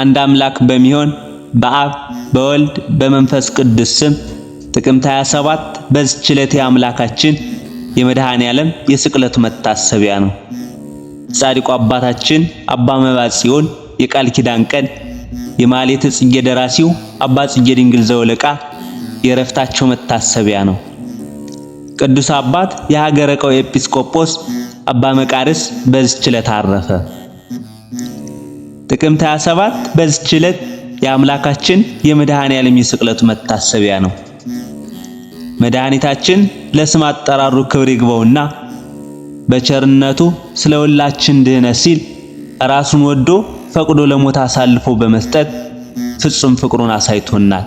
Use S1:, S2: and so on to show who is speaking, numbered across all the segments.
S1: አንድ አምላክ በሚሆን በአብ በወልድ በመንፈስ ቅዱስ ስም ጥቅምት 27 በዝችለት ዕለት የአምላካችን የመድኃኔ ዓለም የስቅለቱ መታሰቢያ ነው። ጻድቁ አባታችን አባ መባጽዮን የቃል ኪዳን ቀን፣ የማኅሌተ ጽጌ ደራሲው አባ ጽጌ ድንግል ዘወለቃ የእረፍታቸው መታሰቢያ ነው። ቅዱስ አባት የሀገረ ቀው ኤጲስቆጶስ አባ መቃርስ በዝችለት ዕለት አረፈ። ጥቅምት 27 በዚች ዕለት የአምላካችን የመድኃኔዓለም የስቅለቱ መታሰቢያ ነው። መድኃኒታችን ለስም አጠራሩ ክብር ይግባውና በቸርነቱ ስለ ሁላችን ድህነት ሲል ራሱን ወዶ ፈቅዶ ለሞት አሳልፎ በመስጠት ፍጹም ፍቅሩን አሳይቶናል።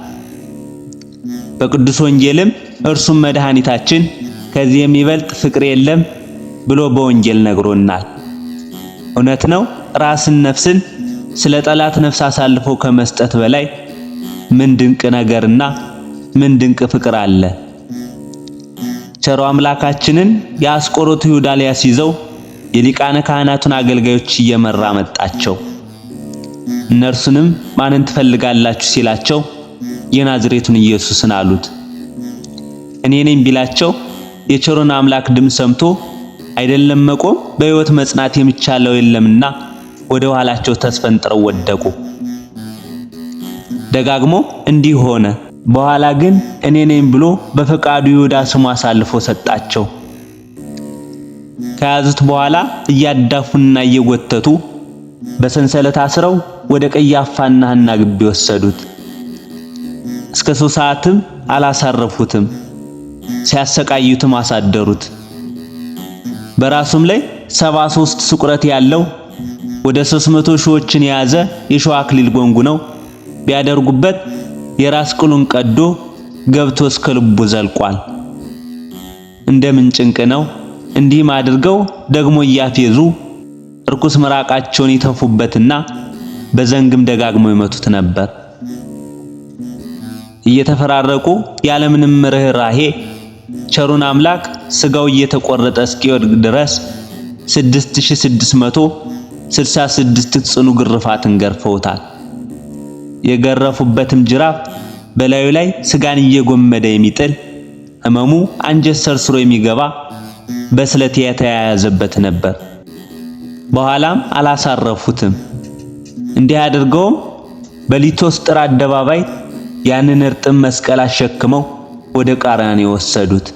S1: በቅዱስ ወንጌልም እርሱም መድኃኒታችን ከዚህ የሚበልጥ ፍቅር የለም ብሎ በወንጌል ነግሮናል። እውነት ነው። ራስን ነፍስን ስለ ጠላት ነፍስ አሳልፎ ከመስጠት በላይ ምን ድንቅ ነገርና ምን ድንቅ ፍቅር አለ! ቸሮ አምላካችንን የአስቆሮቱ ይሁዳ ሊያስይዘው የሊቃነ ካህናቱን አገልጋዮች እየመራ መጣቸው። እነርሱንም ማንን ትፈልጋላችሁ ሲላቸው የናዝሬቱን ኢየሱስን አሉት። እኔ ነኝ ቢላቸው የቸሮን አምላክ ድምፅ ሰምቶ አይደለም መቆም በሕይወት መጽናት የሚቻለው የለምና ወደ ኋላቸው ተስፈንጥረው ወደቁ። ደጋግሞ እንዲህ ሆነ። በኋላ ግን እኔ ነኝ ብሎ በፈቃዱ ይሁዳ ስሙ አሳልፎ ሰጣቸው። ከያዙት በኋላ እያዳፉና እየጎተቱ በሰንሰለት አስረው ወደ ቀያፋና ሐና ግቢ ወሰዱት። እስከ ሶስት ሰዓትም አላሳረፉትም። ሲያሰቃዩትም አሳደሩት። በራሱም ላይ ሰባ ሶስት ስቁረት ያለው ወደ 300 ሺዎችን የያዘ የሸዋ አክሊል ጎንጉነው ቢያደርጉበት የራስ ቅሉን ቀዶ ገብቶ እስከ ልቡ ዘልቋል። እንደምን ጭንቅ ነው። እንዲህም አድርገው ደግሞ እያፌዙ እርኩስ ምራቃቸውን ይተፉበትና በዘንግም ደጋግመው ይመቱት ነበር። እየተፈራረቁ ያለምንም ምርህራሄ ቸሩን አምላክ ስጋው እየተቆረጠ እስኪወድቅ ድረስ 6600 ስልሳ ስድስት ጽኑ ግርፋትን ገርፈውታል። የገረፉበትም ጅራፍ በላዩ ላይ ስጋን እየጎመደ የሚጥል ህመሙ አንጀት ሰርስሮ የሚገባ በስለት የተያያዘበት ነበር። በኋላም አላሳረፉትም። እንዲህ አድርገውም በሊቶስጥራ አደባባይ ያንን እርጥብ መስቀል አሸክመው ወደ ቃራን የወሰዱት።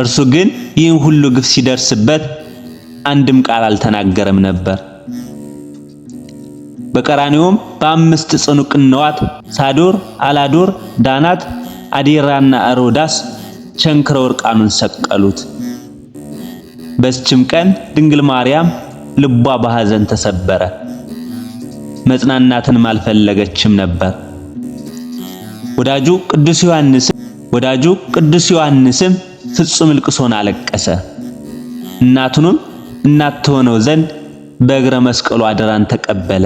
S1: እርሱ ግን ይህን ሁሉ ግፍ ሲደርስበት አንድም ቃል አልተናገረም ነበር። በቀራኒውም በአምስት ጽኑ ቅንዋት ሳዶር፣ አላዶር፣ ዳናት፣ አዴራና አሮዳስ ቸንክረ ወርቃኑን ሰቀሉት። በስችም ቀን ድንግል ማርያም ልቧ በሐዘን ተሰበረ። መጽናናትንም አልፈለገችም ነበር። ወዳጁ ቅዱስ ዮሐንስም ወዳጁ ቅዱስ ዮሐንስም ፍጹም ልቅሶን አለቀሰ። እናቱንም እናት ትሆነው ዘንድ በእግረ መስቀሉ አደራን ተቀበለ።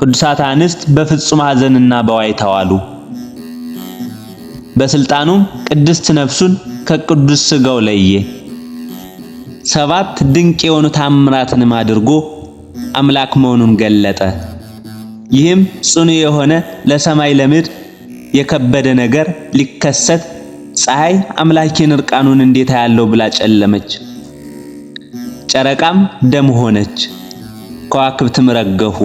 S1: ቅዱሳት አንስት በፍጹም ሐዘንና በዋይታ ዋሉ። በስልጣኑም ቅድስት ነፍሱን ከቅዱስ ሥጋው ለየ። ሰባት ድንቅ የሆኑ ታምራትንም አድርጎ አምላክ መሆኑን ገለጠ። ይህም ጽኑ የሆነ ለሰማይ ለምድር የከበደ ነገር ሊከሰት ፀሐይ አምላኬን እርቃኑን እንዴት ያለው ብላ ጨለመች። ጨረቃም ደም ሆነች፣ ከዋክብትም ረገፉ።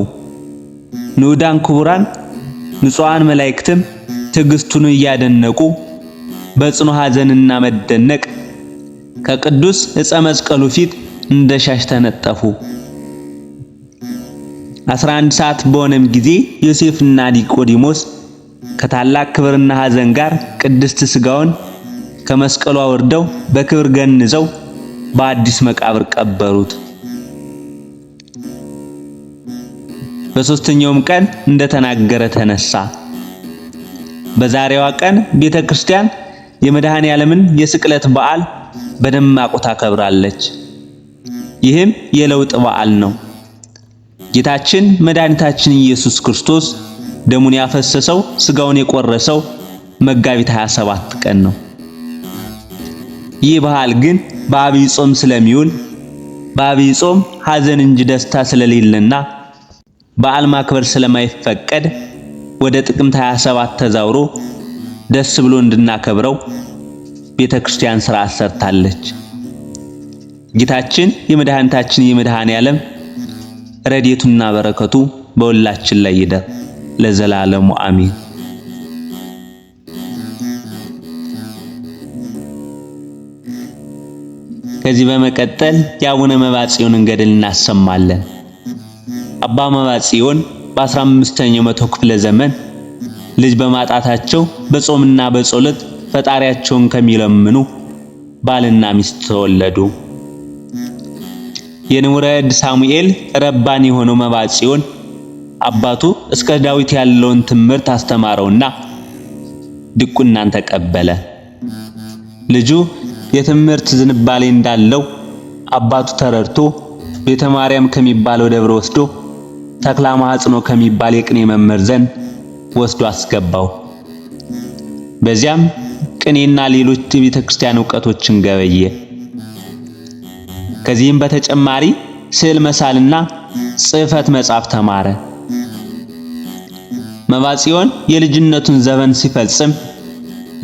S1: ንዑዳን ክቡራን ንጹዓን መላእክትም ትዕግስቱን እያደነቁ በጽኑ ሐዘንና መደነቅ ከቅዱስ ዕፀ መስቀሉ ፊት እንደ ሻሽ ተነጠፉ። 11 ሰዓት በሆነም ጊዜ ዮሴፍና ኒቆዲሞስ ከታላቅ ክብርና ሐዘን ጋር ቅድስት ሥጋውን ከመስቀሉ አውርደው በክብር ገንዘው በአዲስ መቃብር ቀበሩት። በሶስተኛውም ቀን እንደተናገረ ተነሳ። በዛሬዋ ቀን ቤተ ክርስቲያን የመድኃኔ ዓለምን የስቅለት በዓል በደማቁ ታከብራለች። ይህም የለውጥ በዓል ነው። ጌታችን መድኃኒታችን ኢየሱስ ክርስቶስ ደሙን ያፈሰሰው ስጋውን የቆረሰው መጋቢት 27 ቀን ነው። ይህ በዓል ግን በአብይ ጾም ስለሚውል በአብይ ጾም ሐዘን እንጂ ደስታ ስለሌለና በዓል ማክበር ስለማይፈቀድ ወደ ጥቅምት 27 ተዛውሮ ደስ ብሎ እንድናከብረው ቤተ ክርስቲያን ስርዓት ጌታችን የመድኃኒታችን የመድኃኔ ዓለም ረድኤቱና በረከቱ በሁላችን ላይ ይደር ለዘላለሙ አሚን። ከዚህ በመቀጠል የአቡነ መባጽዮንን ገድል እናሰማለን። አባ መባጽዮን በ15ኛው መቶ ክፍለ ዘመን ልጅ በማጣታቸው በጾምና በጸሎት ፈጣሪያቸውን ከሚለምኑ ባልና ሚስት ተወለዱ። የንውረድ ሳሙኤል ረባን የሆነው መባጽዮን አባቱ እስከ ዳዊት ያለውን ትምህርት አስተማረውና ድቁናን ተቀበለ። ልጁ የትምህርት ዝንባሌ እንዳለው አባቱ ተረድቶ ቤተ ማርያም ከሚባለው ደብረ ወስዶ ተክላ ማህጽኖ ከሚባል የቅኔ መምህር ዘንድ ወስዶ አስገባው። በዚያም ቅኔና ሌሎች የቤተ ክርስቲያን ዕውቀቶችን ገበየ። ከዚህም በተጨማሪ ስዕል መሳልና ጽህፈት መጻፍ ተማረ። መባጽዮን የልጅነቱን ዘመን ሲፈጽም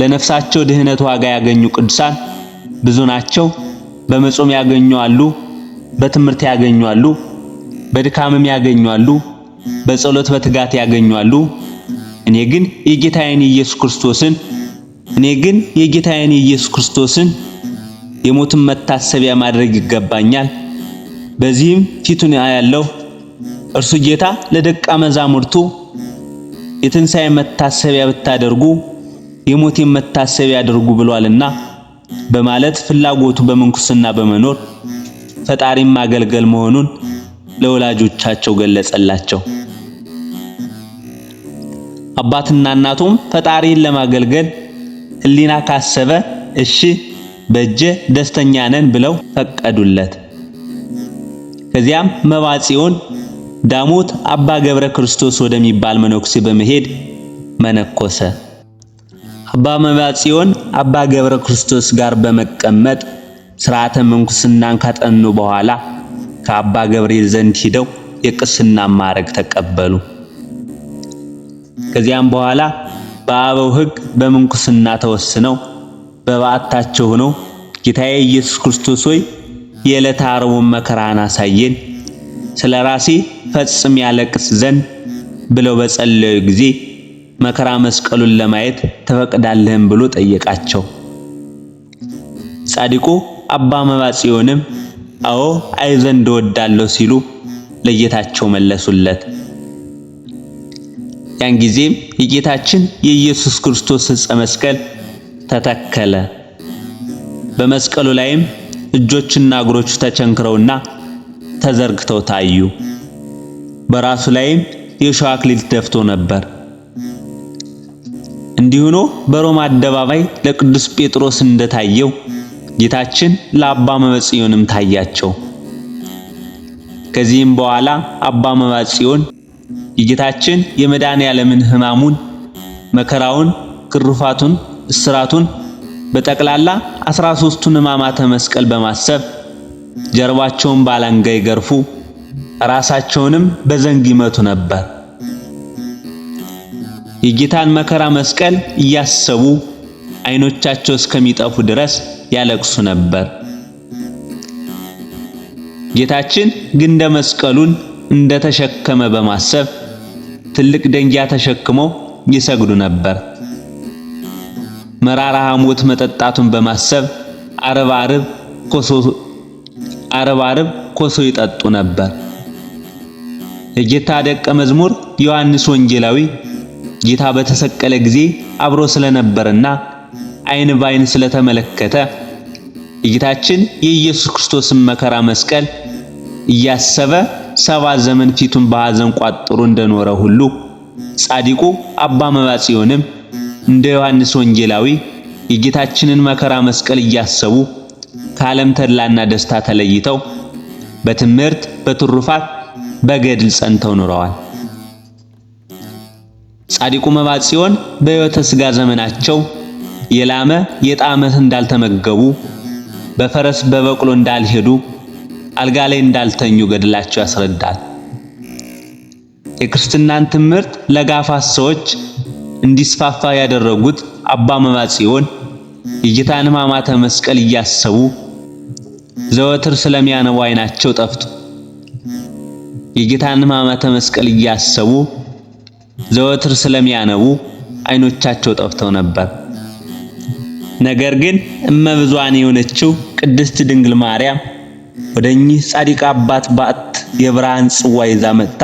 S1: ለነፍሳቸው ድህነት ዋጋ ያገኙ ቅዱሳን ብዙ ናቸው። በመጾም ያገኙአሉ፣ በትምህርት ያገኙአሉ፣ በድካምም አሉ በጸሎት በትጋት ያገኙአሉ። እኔ ግን የጌታዬን ኢየሱስ ክርስቶስን እኔ ግን የጌታዬን ኢየሱስ ክርስቶስን የሞትን መታሰቢያ ማድረግ ይገባኛል። በዚህም ፊቱን ያያለሁ። እርሱ ጌታ ለደቀ መዛሙርቱ የትንሣኤ መታሰቢያ ብታደርጉ የሞቴን መታሰቢያ አድርጉ ብሏልና በማለት ፍላጎቱ በምንኩስና በመኖር ፈጣሪን ማገልገል መሆኑን ለወላጆቻቸው ገለጸላቸው። አባትና እናቱም ፈጣሪን ለማገልገል ሕሊና ካሰበ እሺ በጀ ደስተኛ ነን ብለው ፈቀዱለት። ከዚያም መባጽዮን ዳሞት አባ ገብረ ክርስቶስ ወደሚባል መነኩሴ በመሄድ መነኮሰ። አባ መባ ጽዮን አባ ገብረ ክርስቶስ ጋር በመቀመጥ ስርዓተ ምንኩስናን ካጠኑ በኋላ ከአባ ገብርኤል ዘንድ ሂደው የቅስና ማዕረግ ተቀበሉ። ከዚያም በኋላ በአበው ሕግ በምንኩስና ተወስነው በበዓታቸው ሆነው ጌታዬ ኢየሱስ ክርስቶስ ሆይ የዕለተ ዓርቡን መከራን አሳየን ስለ ራሴ ፈጽም ያለቅስ ዘንድ ብለው በጸለዩ ጊዜ መከራ መስቀሉን ለማየት ትፈቅዳለህን ብሎ ጠየቃቸው። ጻድቁ አባ መባጽዮንም አዎ አይ ዘንድ እወዳለሁ ሲሉ ለጌታቸው መለሱለት። ያን ጊዜም የጌታችን የኢየሱስ ክርስቶስ ዕፀ መስቀል ተተከለ። በመስቀሉ ላይም እጆችና እግሮቹ ተቸንክረውና ተዘርግተው ታዩ። በራሱ ላይም የሸዋ አክሊል ደፍቶ ነበር። እንዲህ በሮማ አደባባይ ለቅዱስ ጴጥሮስ እንደታየው ጌታችን ለአባ መባጽዮንም ታያቸው። ከዚህም በኋላ አባ መባጽዮን የጌታችን የመድኃኔ ዓለምን ሕማሙን፣ መከራውን፣ ግርፋቱን፣ እስራቱን በጠቅላላ አስራ ሦስቱን ሕማማተ መስቀል በማሰብ ጀርባቸውን ባላንጋ ይገርፉ ራሳቸውንም በዘንግ ይመቱ ነበር። የጌታን መከራ መስቀል እያሰቡ አይኖቻቸው እስከሚጠፉ ድረስ ያለቅሱ ነበር። ጌታችን ግንደ መስቀሉን እንደተሸከመ በማሰብ ትልቅ ደንጊያ ተሸክመው ይሰግዱ ነበር። መራራ ሐሞት መጠጣቱን በማሰብ አርብ ኮሶ አርብ ኮሶ ይጠጡ ነበር። የጌታ ደቀ መዝሙር ዮሐንስ ወንጌላዊ ጌታ በተሰቀለ ጊዜ አብሮ ስለነበረና አይን ባይን ስለተመለከተ የጌታችን የኢየሱስ ክርስቶስን መከራ መስቀል እያሰበ ሰባ ዘመን ፊቱን በሐዘን ቋጥሮ እንደኖረ ሁሉ ጻድቁ አባ መባጽዮንም እንደ ዮሐንስ ወንጌላዊ የጌታችንን መከራ መስቀል እያሰቡ ከዓለም ተድላና ደስታ ተለይተው በትምህርት፣ በትሩፋት፣ በገድል ጸንተው ኖረዋል። ጻድቁ መባጽ ጽዮን በሕይወተ ሥጋ ዘመናቸው የላመ የጣመት እንዳልተመገቡ በፈረስ በበቅሎ እንዳልሄዱ አልጋ ላይ እንዳልተኙ ገድላቸው ያስረዳል። የክርስትናን ትምህርት ለጋፋት ሰዎች እንዲስፋፋ ያደረጉት አባ መባጽ ጽዮን የጌታን ሕማማተ መስቀል እያሰቡ ዘወትር ስለሚያነቡ አይናቸው ጠፍቶ የጌታን ሕማማተ መስቀል እያሰቡ ዘወትር ስለሚያነቡ አይኖቻቸው ጠፍተው ነበር። ነገር ግን እመብዙኃን የሆነችው ቅድስት ድንግል ማርያም ወደ እኚህ ጻድቅ አባት ባት የብርሃን ጽዋ ይዛ መጥታ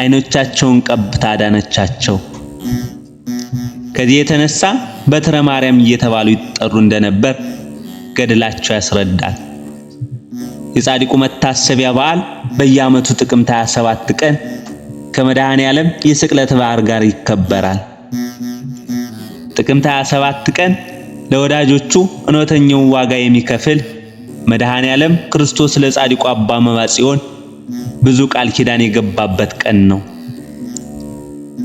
S1: አይኖቻቸውን ቀብታ አዳነቻቸው። ከዚህ የተነሳ በትረ ማርያም እየተባሉ ይጠሩ እንደነበር ገድላቸው ያስረዳል። የጻድቁ መታሰቢያ በዓል በየዓመቱ ጥቅምት 27 ቀን ከመድኃኔ ዓለም የስቅለት በዓል ጋር ይከበራል። ጥቅምት 27 ቀን ለወዳጆቹ እውነተኛውን ዋጋ የሚከፍል መድኃኔ ዓለም ክርስቶስ ለጻድቁ አባ መባጽዮን ብዙ ቃል ኪዳን የገባበት ቀን ነው።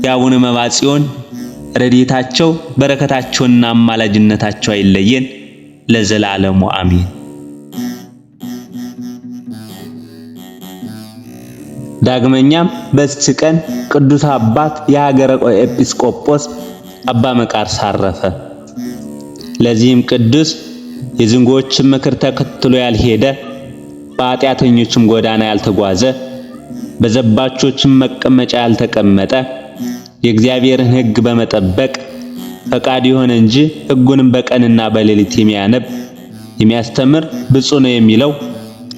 S1: የአቡነ መባጽዮን ጽዮን ረድኤታቸው በረከታቸውና አማላጅነታቸው አይለየን ለዘላለሙ አሚን። ዳግመኛም በዚች ቀን ቅዱስ አባት የሀገረ ኤጲስቆጶስ አባ መቃርስ አረፈ። ለዚህም ቅዱስ የዝንጎዎችን ምክር ተከትሎ ያልሄደ፣ በኃጢአተኞችም ጎዳና ያልተጓዘ፣ በዘባቾችም መቀመጫ ያልተቀመጠ የእግዚአብሔርን ሕግ በመጠበቅ ፈቃድ ይሆን እንጂ ሕጉንም በቀንና በሌሊት የሚያነብ የሚያስተምር ብፁዕ ነው የሚለው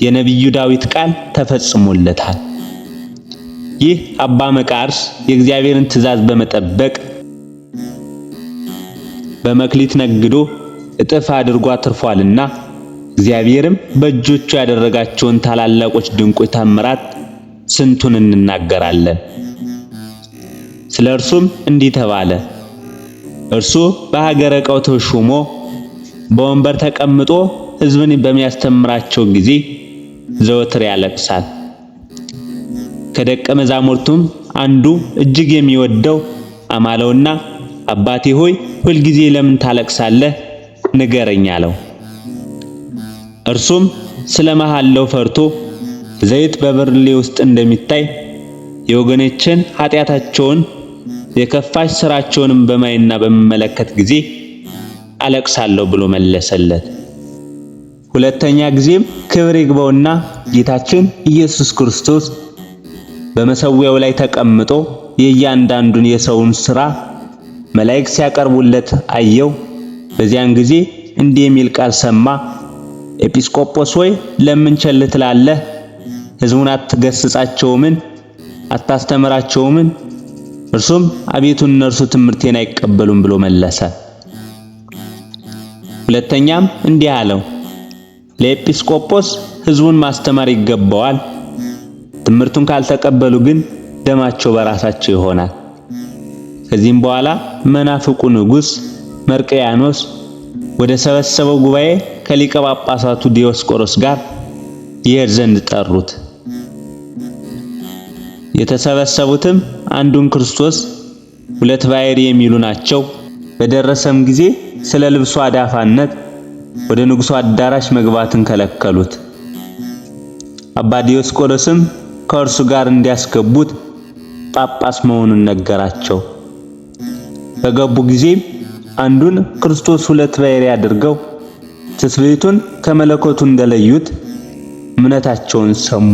S1: የነቢዩ ዳዊት ቃል ተፈጽሞለታል። ይህ አባ መቃርስ የእግዚአብሔርን ትእዛዝ በመጠበቅ በመክሊት ነግዶ እጥፍ አድርጎ አትርፏልና እግዚአብሔርም በእጆቹ ያደረጋቸውን ታላላቆች ድንቆች ታምራት ስንቱን እንናገራለን። ስለ እርሱም እንዲህ ተባለ። እርሱ በሀገረ ዕቃው ተሹሞ በወንበር ተቀምጦ ሕዝብን በሚያስተምራቸው ጊዜ ዘወትር ያለቅሳል። ከደቀ መዛሙርቱም አንዱ እጅግ የሚወደው አማለውና አባቴ ሆይ ሁልጊዜ ለምን ታለቅሳለህ? ንገረኝ አለው። እርሱም ስለ መሐላው ፈርቶ ዘይት በብርሌ ውስጥ እንደሚታይ የወገኖችን ኃጢአታቸውን የከፋች ስራቸውንም በማይና በመመለከት ጊዜ አለቅሳለሁ ብሎ መለሰለት። ሁለተኛ ጊዜም ክብር ይግባውና ጌታችን ኢየሱስ ክርስቶስ በመሰዊያው ላይ ተቀምጦ የእያንዳንዱን የሰውን ስራ መላእክት ሲያቀርቡለት አየው። በዚያን ጊዜ እንዲህ የሚል ቃል ሰማ። ኤጲስቆጶስ ወይ ለምን ቸል ትላለህ? ሕዝቡን አትገስጻቸውምን? አታስተምራቸውምን? እርሱም አቤቱ እነርሱ ትምህርቴን አይቀበሉም ብሎ መለሰ። ሁለተኛም እንዲህ አለው፣ ለኤጲስቆጶስ ህዝቡን ማስተማር ይገባዋል። ትምህርቱን ካልተቀበሉ ግን ደማቸው በራሳቸው ይሆናል። ከዚህም በኋላ መናፍቁ ንጉሥ መርቀያኖስ ወደ ሰበሰበው ጉባኤ ከሊቀ ጳጳሳቱ ዲዮስቆሮስ ጋር ይሄድ ዘንድ ጠሩት። የተሰበሰቡትም አንዱን ክርስቶስ ሁለት ባሕርይ የሚሉ ናቸው። በደረሰም ጊዜ ስለ ልብሱ አዳፋነት ወደ ንጉሡ አዳራሽ መግባትን ከለከሉት። አባ ዲዮስቆሮስም ከእርሱ ጋር እንዲያስገቡት ጳጳስ መሆኑን ነገራቸው። በገቡ ጊዜ አንዱን ክርስቶስ ሁለት ባሕርይ አድርገው ትስብእቱን ከመለኮቱ እንደለዩት እምነታቸውን ሰሙ።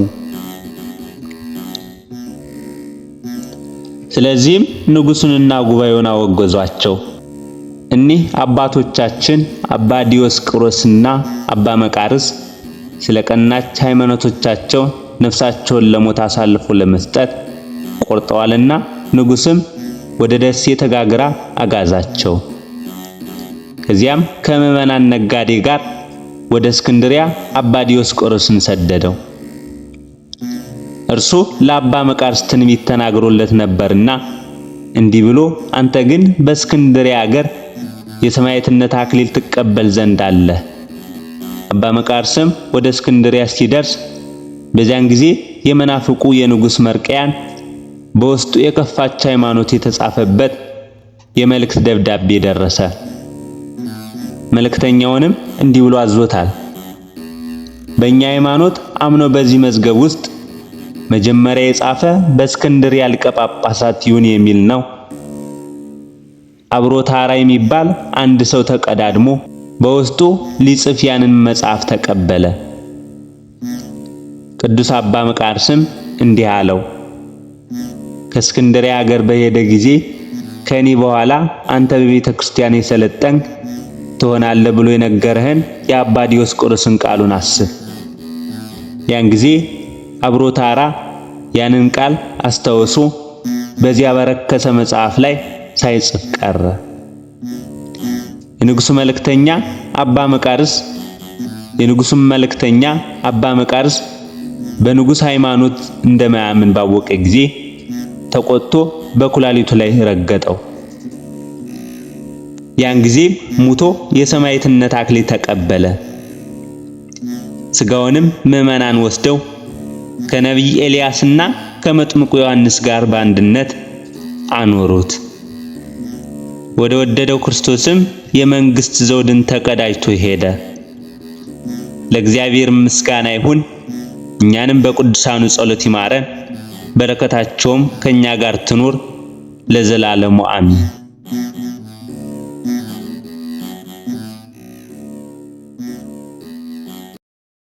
S1: ስለዚህም ንጉሡንና ጉባኤውን አወገዟቸው። እኒህ አባቶቻችን አባ ዲዮስቆሮስና አባ መቃርስ ስለ ቀናች ሃይማኖቶቻቸው ነፍሳቸውን ለሞት አሳልፎ ለመስጠት ቆርጠዋልና ንጉስም ወደ ደሴ ተጋግራ አጋዛቸው። ከዚያም ከምዕመናን ነጋዴ ጋር ወደ እስክንድሪያ አባ ዲዮስቆሮስን ሰደደው። እርሱ ለአባ መቃርስ ትንቢት ተናግሮለት ነበርና እንዲህ ብሎ አንተ ግን በእስክንድሪያ አገር የሰማዕትነት አክሊል ትቀበል ዘንድ አለ። አባ መቃርስም ወደ እስክንድሪያ ሲደርስ በዚያን ጊዜ የመናፍቁ የንጉስ መርቀያን በውስጡ የከፋች ሃይማኖት የተጻፈበት የመልእክት ደብዳቤ ደረሰ። መልእክተኛውንም እንዲህ ብሎ አዞታል። በእኛ ሃይማኖት አምኖ በዚህ መዝገብ ውስጥ መጀመሪያ የጻፈ በእስክንድርያ ሊቀ ጳጳሳት ይሁን የሚል ነው። አብሮ ታራ የሚባል አንድ ሰው ተቀዳድሞ በውስጡ ሊጽፍ ያንን መጽሐፍ ተቀበለ። ቅዱስ አባ መቃርስም እንዲህ አለው፣ ከእስክንድርያ ሀገር በሄደ ጊዜ ከኔ በኋላ አንተ በቤተ ክርስቲያን የሰለጠንክ ትሆናለህ ብሎ የነገረህን የአባ ዲዮስቆሮስን ቃሉን አስብ። ያን ጊዜ አብሮ ታራ ያንን ቃል አስታውሶ በዚያ በረከሰ መጽሐፍ ላይ ሳይጽፍ ቀረ። የንጉሱ መልእክተኛ አባ መቃርስ የንጉሱን መልእክተኛ አባ መቃርስ በንጉስ ሃይማኖት እንደማያምን ባወቀ ጊዜ ተቆጥቶ በኩላሊቱ ላይ ረገጠው። ያን ጊዜም ሙቶ የሰማዕትነት አክሊል ተቀበለ። ስጋውንም ምዕመናን ወስደው ከነቢይ ኤልያስና ከመጥምቁ ዮሐንስ ጋር በአንድነት አኖሩት። ወደ ወደደው ክርስቶስም የመንግስት ዘውድን ተቀዳጅቶ ሄደ። ለእግዚአብሔር ምስጋና ይሁን። እኛንም በቅዱሳኑ ጸሎት ይማረን፣ በረከታቸውም ከኛ ጋር ትኑር ለዘላለሙ አሚን።